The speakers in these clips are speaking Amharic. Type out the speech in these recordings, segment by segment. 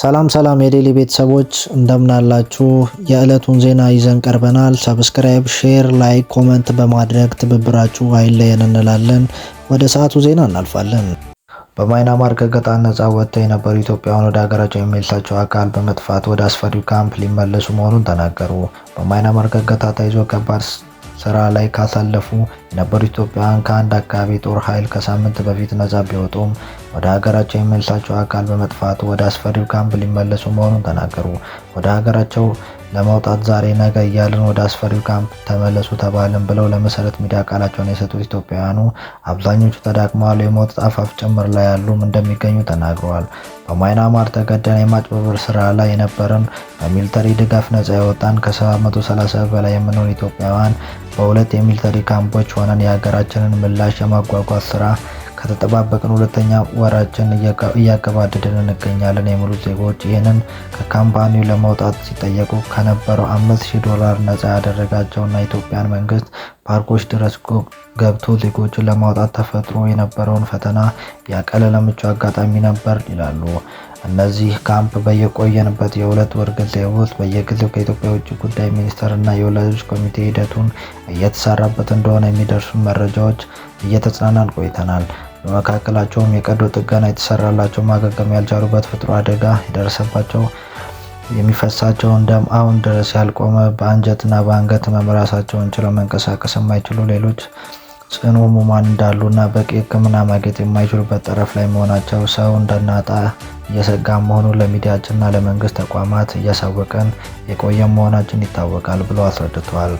ሰላም ሰላም የዴሊ ቤተሰቦች እንደምናላችሁ፣ የዕለቱን ዜና ይዘን ቀርበናል። ሰብስክራይብ፣ ሼር፣ ላይክ፣ ኮመንት በማድረግ ትብብራችሁ አይለየን እንላለን። ወደ ሰዓቱ ዜና እናልፋለን። በማይናማር ገገጣ ነጻ ወጥተው የነበሩ ኢትዮጵያውያን ወደ ሀገራቸው የሚልሳቸው አካል በመጥፋት ወደ አስፈሪው ካምፕ ሊመለሱ መሆኑን ተናገሩ። በማይናማር ገገታ ተይዞ ከባድ ስራ ላይ ካሳለፉ የነበሩ ኢትዮጵያውያን ከአንድ አካባቢ ጦር ኃይል ከሳምንት በፊት ነጻ ቢወጡም ወደ ሀገራቸው የመልሳቸው አካል በመጥፋቱ ወደ አስፈሪው ካምፕ ሊመለሱ መሆኑን ተናገሩ። ወደ ሀገራቸው ለመውጣት ዛሬ ነገ እያልን ወደ አስፈሪው ካምፕ ተመለሱ ተባልን ብለው ለመሰረት ሚዲያ ቃላቸውን የሰጡት ኢትዮጵያውያኑ አብዛኞቹ ተዳክመዋል፣ የሞት አፋፍ ጭምር ላይ ያሉም እንደሚገኙ ተናግረዋል። በማይናማር ተገደን የማጭበርበር ስራ ላይ የነበረን በሚሊተሪ ድጋፍ ነጻ የወጣን ከ730 በላይ የምንሆን ኢትዮጵያውያን በሁለት የሚሊተሪ ካምፖች ሆነን የሀገራችንን ምላሽ የማጓጓዝ ስራ ከተጠባበቅን ሁለተኛ ወራችን እያገባደድን እንገኛለን የሚሉ ዜጎች ይህንን ከካምፓኒው ለመውጣት ሲጠየቁ ከነበረው አምስት ሺህ ዶላር ነጻ ያደረጋቸውና ኢትዮጵያን መንግስት ፓርኮች ድረስ ገብቶ ዜጎችን ለማውጣት ተፈጥሮ የነበረውን ፈተና ያቀለለ ምቹ አጋጣሚ ነበር ይላሉ። እነዚህ ካምፕ በየቆየንበት የሁለት ወር ጊዜ ውስጥ በየጊዜው ከኢትዮጵያ የውጭ ጉዳይ ሚኒስቴር እና የወላጆች ኮሚቴ ሂደቱን እየተሰራበት እንደሆነ የሚደርሱን መረጃዎች እየተጽናናን ቆይተናል። በመካከላቸውም የቀዶ ጥገና የተሰራላቸው ማገገም ያልቻሉበት ፍጥሮ አደጋ የደረሰባቸው የሚፈሳቸውን ደም አሁን ድረስ ያልቆመ በአንጀትና በአንገት መምራሳቸውን ችለው መንቀሳቀስ የማይችሉ ሌሎች ጽኑ ሕሙማን እንዳሉና በቂ ሕክምና ማግኘት የማይችሉበት ጠረፍ ላይ መሆናቸው ሰው እንደናጣ እየሰጋ መሆኑ ለሚዲያችንና ለመንግስት ተቋማት እያሳወቀን የቆየ መሆናችን ይታወቃል ብሎ አስረድቷል።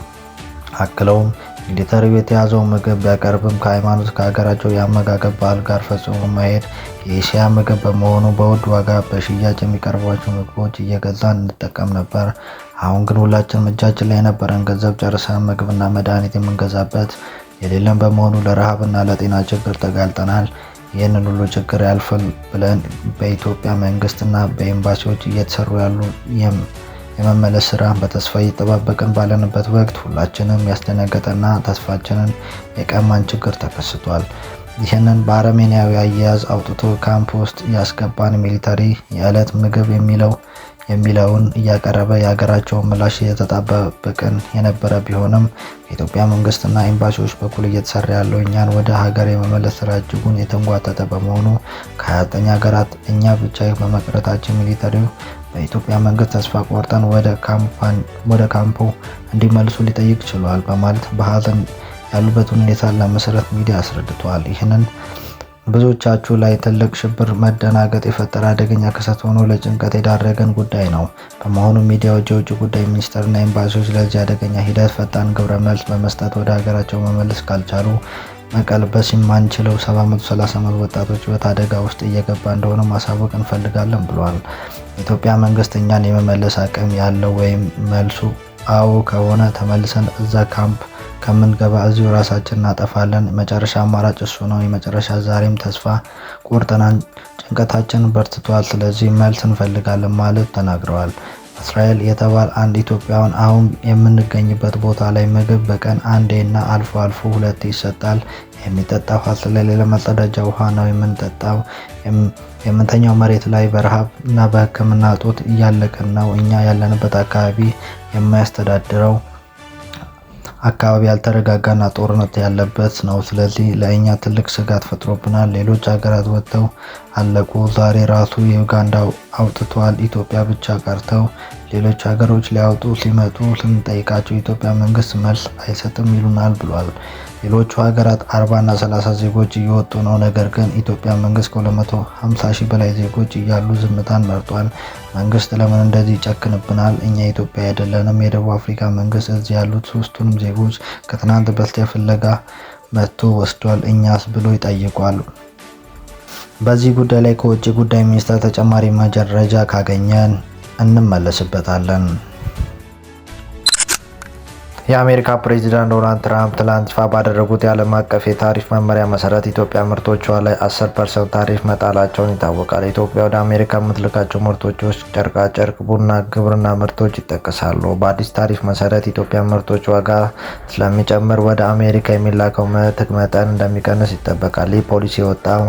አክለውም ሚሊተሪ የተያዘው ምግብ ቢያቀርብም ከሃይማኖት ከሀገራቸው የአመጋገብ ባህል ጋር ፈጽሞ ማሄድ የእስያ ምግብ በመሆኑ በውድ ዋጋ በሽያጭ የሚቀርቧቸው ምግቦች እየገዛ እንጠቀም ነበር። አሁን ግን ሁላችንም እጃችን ላይ የነበረን ገንዘብ ጨርሰን ምግብና መድኃኒት የምንገዛበት የሌለን በመሆኑ ለረሃብና ለጤና ችግር ተጋልጠናል። ይህንን ሁሉ ችግር ያልፈል ብለን በኢትዮጵያ መንግስትና በኤምባሲዎች እየተሰሩ ያሉ የመመለስ ስራ በተስፋ እየጠባበቅን ባለንበት ወቅት ሁላችንም ያስደነገጠና ተስፋችንን የቀማን ችግር ተከስቷል። ይህንን በአረመኔያዊ አያያዝ አውጥቶ ካምፕ ውስጥ ያስገባን ሚሊተሪ የዕለት ምግብ የሚለው የሚለውን እያቀረበ የሀገራቸውን ምላሽ እየተጣበቅን የነበረ ቢሆንም ከኢትዮጵያ መንግስትና ኤምባሲዎች በኩል እየተሰራ ያለው እኛን ወደ ሀገር የመመለስ ስራ እጅጉን የተንጓተተ በመሆኑ ከ ሀገራት እኛ ብቻ በመቅረታችን ሚሊተሪው በኢትዮጵያ መንግስት ተስፋ ቆርጠን ወደ ካምፖ እንዲመልሱ ሊጠይቅ ችሏል በማለት በሀዘን ያሉበትን ሁኔታ ለመሰረት ሚዲያ አስረድተዋል። ይህንን ብዙዎቻችሁ ላይ ትልቅ ሽብር፣ መደናገጥ የፈጠረ አደገኛ ክስተት ሆኖ ለጭንቀት የዳረገን ጉዳይ ነው። በመሆኑ ሚዲያዎች የውጭ ጉዳይ ሚኒስቴርና ኤምባሲዎች ለዚህ አደገኛ ሂደት ፈጣን ግብረ መልስ በመስጠት ወደ ሀገራቸው መመለስ ካልቻሉ መቀልበስ የማንችለው 730 ወጣቶች ህይወት አደጋ ውስጥ እየገባ እንደሆነ ማሳወቅ እንፈልጋለን ብሏል። የኢትዮጵያ መንግስት እኛን የመመለስ አቅም ያለው ወይም መልሱ አዎ ከሆነ ተመልሰን እዛ ካምፕ ከምንገባ እዚሁ ራሳችን እናጠፋለን። መጨረሻ አማራጭ እሱ ነው የመጨረሻ። ዛሬም ተስፋ ቆርጠናል፣ ጭንቀታችን በርትቷል፣ ስለዚህ መልስ እንፈልጋለን ማለት ተናግረዋል። እስራኤል የተባለ አንድ ኢትዮጵያውን አሁን የምንገኝበት ቦታ ላይ ምግብ በቀን አንዴና አልፎ አልፎ ሁለት ይሰጣል። የሚጠጣ ውሃ ስለሌለ መጸዳጃ ውሃ ነው የምንጠጣው። የምንተኛው መሬት ላይ በረሃብ እና በሕክምና እጦት እያለቅን ነው። እኛ ያለንበት አካባቢ የማያስተዳድረው አካባቢ ያልተረጋጋና ጦርነት ያለበት ነው። ስለዚህ ለእኛ ትልቅ ስጋት ፈጥሮብናል። ሌሎች ሀገራት ወጥተው አለቁ። ዛሬ ራሱ ዩጋንዳ አውጥቷል። ኢትዮጵያ ብቻ ቀርተው ሌሎች ሀገሮች ሊያወጡ ሲመጡ ስንጠይቃቸው የኢትዮጵያ መንግስት መልስ አይሰጥም ይሉናል ብሏል። ሌሎቹ ሀገራት 40 እና 30 ዜጎች እየወጡ ነው። ነገር ግን ኢትዮጵያ መንግስት ከ250 ሺህ በላይ ዜጎች እያሉ ዝምታን መርጧል። መንግስት ለምን እንደዚህ ይጨክንብናል? እኛ ኢትዮጵያ አይደለንም። የደቡብ አፍሪካ መንግስት እዚህ ያሉት ሶስቱንም ዜጎች ከትናንት በስቲያ ፍለጋ መጥቶ ወስዷል። እኛስ ብሎ ይጠይቋል። በዚህ ጉዳይ ላይ ከውጭ ጉዳይ ሚኒስቴር ተጨማሪ መረጃ ካገኘን እንመለስበታለን። የአሜሪካ ፕሬዚዳንት ዶናልድ ትራምፕ ትላንት ይፋ ባደረጉት የዓለም አቀፍ የታሪፍ መመሪያ መሰረት ኢትዮጵያ ምርቶቿ ላይ 10 ፐርሰንት ታሪፍ መጣላቸውን ይታወቃል። ኢትዮጵያ ወደ አሜሪካ የምትልካቸው ምርቶች ውስጥ ጨርቃጨርቅ፣ ቡና፣ ግብርና ምርቶች ይጠቀሳሉ። በአዲስ ታሪፍ መሰረት ኢትዮጵያ ምርቶች ዋጋ ስለሚጨምር ወደ አሜሪካ የሚላከው ምርት መጠን እንደሚቀንስ ይጠበቃል። ይህ ፖሊሲ የወጣው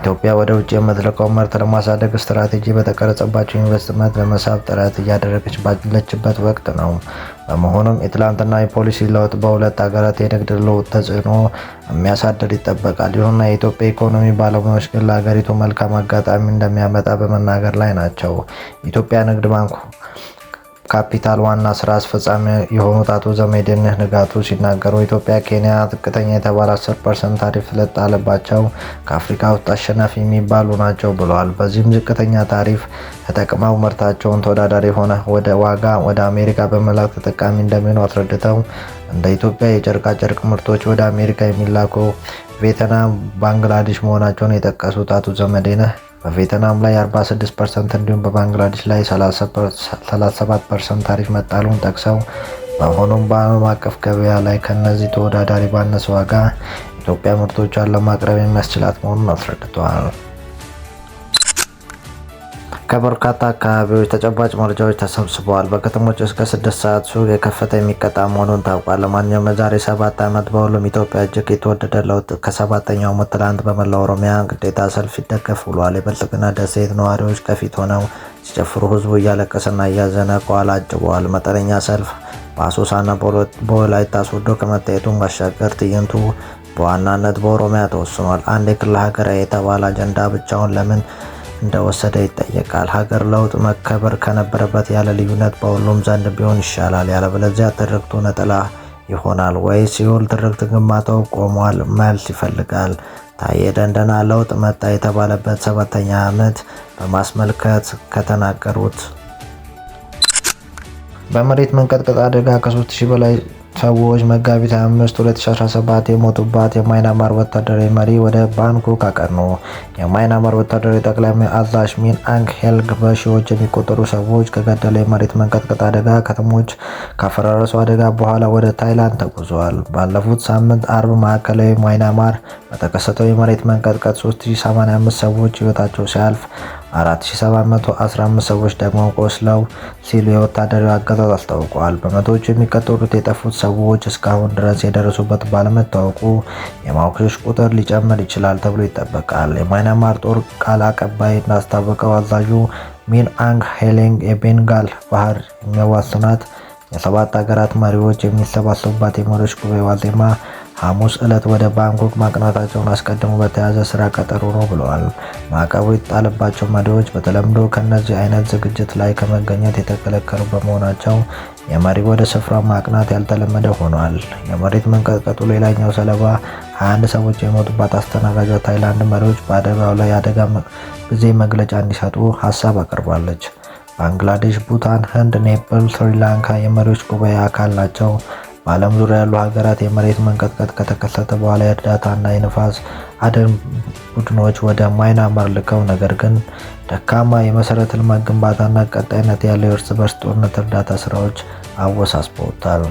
ኢትዮጵያ ወደ ውጭ የምትልከው ምርት ለማሳደግ ስትራቴጂ በተቀረጸባቸው ኢንቨስትመንት ለመሳብ ጥረት እያደረገች ባለችበት ወቅት ነው። በመሆኑም የትላንትና የፖሊሲ ለውጥ በሁለት ሀገራት የንግድ ልውውጥ ተጽዕኖ የሚያሳድር ይጠበቃል። ይሁንና የኢትዮጵያ ኢኮኖሚ ባለሙያዎች ግን ለሀገሪቱ መልካም አጋጣሚ እንደሚያመጣ በመናገር ላይ ናቸው። የኢትዮጵያ ንግድ ባንኩ ካፒታል ዋና ስራ አስፈጻሚ የሆኑት አቶ ዘመዴነህ ንጋቱ ሲናገሩ ኢትዮጵያ፣ ኬንያ ዝቅተኛ የተባለ 10 ፐርሰንት ታሪፍ ስለጣለባቸው ከአፍሪካ ውስጥ አሸናፊ የሚባሉ ናቸው ብለዋል። በዚህም ዝቅተኛ ታሪፍ ተጠቅመው ምርታቸውን ተወዳዳሪ ሆነ ወደ ዋጋ ወደ አሜሪካ በመላክ ተጠቃሚ እንደሚሆኑ አስረድተው እንደ ኢትዮጵያ የጨርቃ ጨርቅ ምርቶች ወደ አሜሪካ የሚላኩ ቬትናም፣ ባንግላዴሽ መሆናቸውን የጠቀሱት አቶ ዘመዴነህ በቬትናም ላይ 46 ፐርሰንት እንዲሁም በባንግላዴሽ ላይ 37 ፐርሰንት ታሪፍ መጣሉን ጠቅሰው በሆኖም በዓለም አቀፍ ገበያ ላይ ከነዚህ ተወዳዳሪ ባነሰ ዋጋ ኢትዮጵያ ምርቶቿን ለማቅረብ የሚያስችላት መሆኑን አስረድተዋል። ከበርካታ አካባቢዎች ተጨባጭ መረጃዎች ተሰብስበዋል። በከተሞች እስከ ስድስት ሰዓት ሱቅ የከፈተ የሚቀጣ መሆኑን ታውቋል። ለማንኛውም የዛሬ ሰባት ዓመት በሁሉም ኢትዮጵያ እጅግ የተወደደ ለውጥ ከሰባተኛው ዓመት ትላንት በመላ ኦሮሚያ ግዴታ ሰልፍ ይደገፍ ብሏል። የብልጽግና ደሴት ነዋሪዎች ከፊት ሆነው ሲጨፍሩ ህዝቡ እያለቀሰና እያዘነ ከኋላ አጅበዋል። መጠነኛ ሰልፍ በአሶሳና በወላይታ ሶዶ ከመታየቱን ባሻገር ትዕይንቱ በዋናነት በኦሮሚያ ተወስኗል። አንድ የክልል ሀገራዊ የተባለ አጀንዳ ብቻውን ለምን እንደወሰደ ይጠየቃል። ሀገር ለውጥ መከበር ከነበረበት ያለ ልዩነት በሁሉም ዘንድ ቢሆን ይሻላል። ያለበለዚያ ትርክቱ ነጠላ ይሆናል ወይ ሲውል ትርክት ግንባታው ቆሟል መልስ ይፈልጋል። ታዬ ደንደና ለውጥ መጣ የተባለበት ሰባተኛ ዓመት በማስመልከት ከተናገሩት በመሬት መንቀጥቀጥ አደጋ ከ3000 በላይ ሰዎች መጋቢት 25 2017 የሞቱባት የማይናማር ወታደራዊ መሪ ወደ ባንኮክ አቀኑ። የማይናማር ወታደራዊ ጠቅላይ አዛዥ ሚን አንግ ሄልግ በሺዎች የሚቆጠሩ ሰዎች ከገደለ የመሬት መንቀጥቀጥ አደጋ፣ ከተሞች ካፈራረሱ አደጋ በኋላ ወደ ታይላንድ ተጉዘዋል። ባለፉት ሳምንት አርብ ማዕከላዊ ማይናማር በተከሰተው የመሬት መንቀጥቀጥ 3085 ሰዎች ህይወታቸው ሲያልፍ 4715 ሰዎች ደግሞ ቆስለው ሲሉ የወታደራዊ አገዛዝ አስታውቀዋል። በመቶዎች የሚቆጠሩት የጠፉት ሰዎች እስካሁን ድረስ የደረሱበት ባለመታወቁ የሟቾች ቁጥር ሊጨምር ይችላል ተብሎ ይጠበቃል። የማይናማር ጦር ቃል አቀባይ እንዳስታወቀው አዛዡ ሚን አንግ ሄሊንግ የቤንጋል ባህር የሚያዋስናት የሰባት ሀገራት መሪዎች የሚሰባሰቡባት የመሪዎች ጉባኤ ዋዜማ ሐሙስ ዕለት ወደ ባንኮክ ማቅናታቸውን አስቀድሞ በተያዘ ስራ ቀጠሮ ነው ብለዋል። ማዕቀቡ የተጣለባቸው መሪዎች በተለምዶ ከእነዚህ አይነት ዝግጅት ላይ ከመገኘት የተከለከሉ በመሆናቸው የመሪ ወደ ስፍራው ማቅናት ያልተለመደ ሆኗል። የመሬት መንቀጥቀጡ ሌላኛው ሰለባ 21 ሰዎች የሞቱባት አስተናጋጇ ታይላንድ መሪዎች በአደጋው ላይ አደጋ ጊዜ መግለጫ እንዲሰጡ ሀሳብ አቅርባለች። ባንግላዴሽ፣ ቡታን፣ ህንድ፣ ኔፕል፣ ስሪላንካ የመሪዎች ጉባኤ አካል ናቸው። በዓለም ዙሪያ ያሉ ሀገራት የመሬት መንቀጥቀጥ ከተከሰተ በኋላ የእርዳታና የንፋስ አደን ቡድኖች ወደ ማይናማር ልከው ነገር ግን ደካማ የመሰረተ ልማት ግንባታና ቀጣይነት ያለው የእርስ በርስ ጦርነት እርዳታ ስራዎች አወሳስበውታል።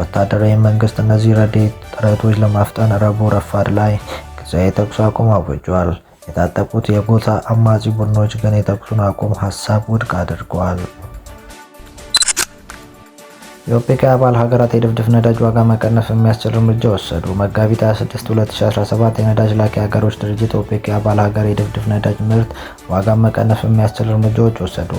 ወታደራዊ መንግስት እነዚህ ረድኤት ጥረቶች ለማፍጠን ረቡዕ ረፋድ ላይ ጊዜያዊ የተኩስ አቁም አውጇል። የታጠቁት የጎታ አማጺ ቡድኖች ግን የተኩሱን አቁም ሀሳብ ውድቅ አድርገዋል። የኦፔክ አባል ሀገራት የድፍድፍ ነዳጅ ዋጋ መቀነስ የሚያስችል እርምጃ ወሰዱ። መጋቢት 26 2017 የነዳጅ ላኪ ሀገሮች ድርጅት ኦፔክ ባል ሀገር የድፍድፍ ነዳጅ ምርት ዋጋ መቀነስ የሚያስችል እርምጃዎች ወሰዱ።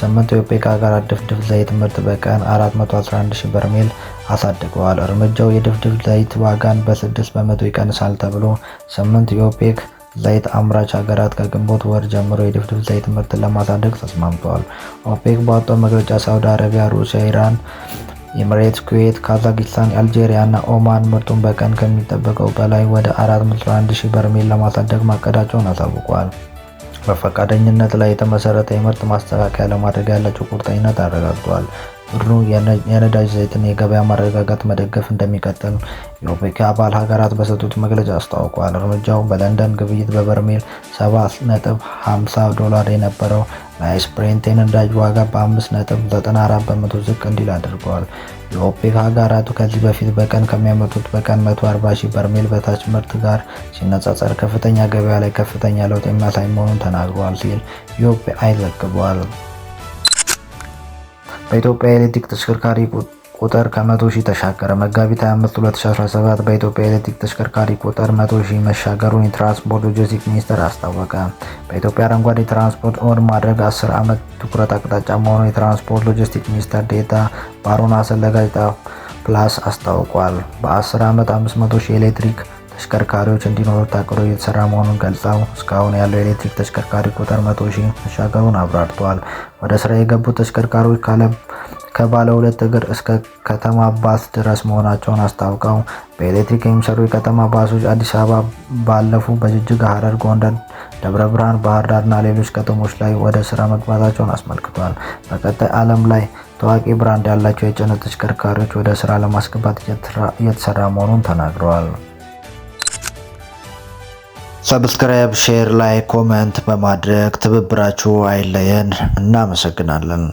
ስምንቱ የኦፔክ ሀገራት ድፍድፍ ዘይት ምርት በቀን 411 ሺህ በርሜል አሳድገዋል። እርምጃው የድፍድፍ ዘይት ዋጋን በ6 በመቶ ይቀንሳል ተብሎ ስምንት የኦፔክ ዘይት አምራች ሀገራት ከግንቦት ወር ጀምሮ የድፍድፍ ዘይት ምርትን ለማሳደግ ተስማምተዋል። ኦፔክ ባወጣው መግለጫ ሳውዲ አረቢያ፣ ሩሲያ፣ ኢራን ኤምሬትስ፣ ኩዌት፣ ካዛኪስታን፣ አልጄሪያ እና ኦማን ምርቱን በቀን ከሚጠበቀው በላይ ወደ 4.1 ሺህ በርሜል ለማሳደግ ማቀዳቸውን አሳውቋል። በፈቃደኝነት ላይ የተመሰረተ የምርት ማስተካከያ ለማድረግ ያላቸው ቁርጠኝነት አረጋግጧል። ቡድኑ የነዳጅ ዘይትን የገበያ ማረጋጋት መደገፍ እንደሚቀጥል የኦፔክ አባል ሀገራት በሰጡት መግለጫ አስታውቋል። እርምጃው በለንደን ግብይት በበርሜል 7.50 ዶላር የነበረው ናይስ ብሬንት የነዳጅ ዋጋ በ5.94 በመቶ ዝቅ እንዲል አድርገዋል። የኦፔክ ሀገራቱ ከዚህ በፊት በቀን ከሚያመጡት በቀን 140 ሺህ በርሜል በታች ምርት ጋር ሲነጻጸር ከፍተኛ ገበያ ላይ ከፍተኛ ለውጥ የሚያሳይ መሆኑን ተናግረዋል ሲል ዩሮፒ ዘግቧል። በኢትዮጵያ የኤሌክትሪክ ተሽከርካሪ ቁጥር ከመቶ ሺህ ተሻገረ። መጋቢት 25 2017 በኢትዮጵያ የኤሌክትሪክ ተሽከርካሪ ቁጥር 100 ሺህ መሻገሩን የትራንስፖርት ሎጂስቲክስ ሚኒስቴር አስታወቀ። በኢትዮጵያ አረንጓዴ ትራንስፖርት ኦን ማድረግ 10 ዓመት ትኩረት አቅጣጫ መሆኑን የትራንስፖርት ሎጂስቲክስ ሚኒስትር ዴታ ባሮና አሰለ ለጋዜጣ ፕላስ አስታውቋል። በ10 ዓመት 500 ሺህ ኤሌክትሪክ ተሽከርካሪዎች እንዲኖሩ ታቅዶ እየተሰራ መሆኑን ገልጸው እስካሁን ያለው የኤሌክትሪክ ተሽከርካሪ ቁጥር መቶ ሺህ መሻገሩን አብራርተዋል። ወደ ስራ የገቡት ተሽከርካሪዎች ከባለ ሁለት እግር እስከ ከተማ ባስ ድረስ መሆናቸውን አስታውቀው በኤሌክትሪክ የሚሰሩ የከተማ ባሶች አዲስ አበባ ባለፉ በጅጅጋ፣ ሐረር፣ ጎንደር፣ ደብረ ብርሃን፣ ባህር ዳር እና ሌሎች ከተሞች ላይ ወደ ስራ መግባታቸውን አስመልክቷል። በቀጣይ ዓለም ላይ ታዋቂ ብራንድ ያላቸው የጭነት ተሽከርካሪዎች ወደ ስራ ለማስገባት እየተሰራ መሆኑን ተናግረዋል። ሰብስክራይብ፣ ሼር ላይ ኮመንት በማድረግ ትብብራችሁ አይለየን። እናመሰግናለን።